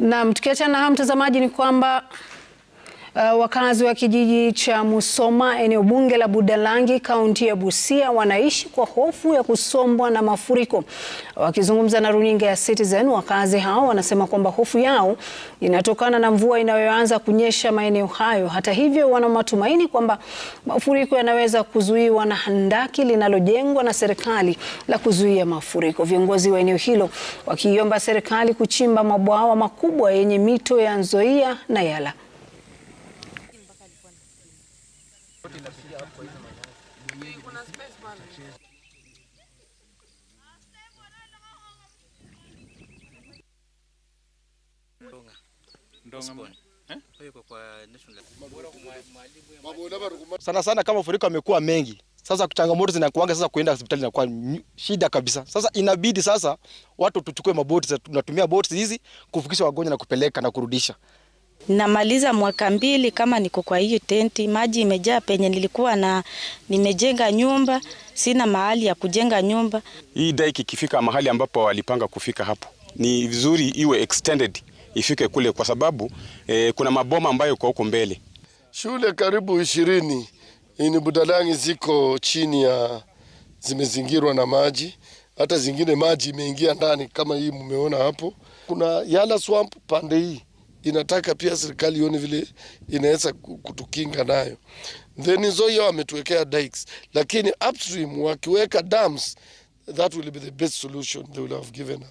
Naam, tukiachana na hayo mtazamaji, ni kwamba Uh, wakazi wa kijiji cha Musoma eneo bunge la Budalangi kaunti ya Busia wanaishi kwa hofu ya kusombwa na mafuriko. Wakizungumza na runinga ya Citizen, wakazi hao wanasema kwamba hofu yao inatokana na mvua inayoanza kunyesha maeneo hayo. Hata hivyo, wana matumaini kwamba mafuriko yanaweza kuzuiwa na handaki linalojengwa na serikali la kuzuia mafuriko. Viongozi wa eneo hilo wakiiomba serikali kuchimba mabwawa makubwa yenye mito ya Nzoia na Yala. Sana sana kama mafuriko amekuwa mengi sasa, changamoto zinakuanga sasa, kuenda hospitali inakuwa shida kabisa. Sasa inabidi sasa watu tuchukue maboti, tunatumia boti hizi kufikisha wagonjwa na kupeleka na kurudisha. Namaliza mwaka mbili kama niko kwa hiyo tenti, maji imejaa penye nilikuwa na nimejenga nyumba, sina mahali ya kujenga nyumba. Hii dai kikifika mahali ambapo walipanga kufika hapo, ni vizuri iwe extended ifike kule, kwa sababu eh, kuna maboma ambayo kwa huko mbele. Shule karibu ishirini ni Budalangi ziko chini ya, zimezingirwa na maji, hata zingine maji imeingia ndani kama hii mmeona hapo. Kuna Yala Swamp pande hii inataka pia serikali ione vile inaweza kutukinga nayo. Then hizo hiyo wametuwekea dikes, lakini upstream wakiweka dams, that will be the best solution they will have given us.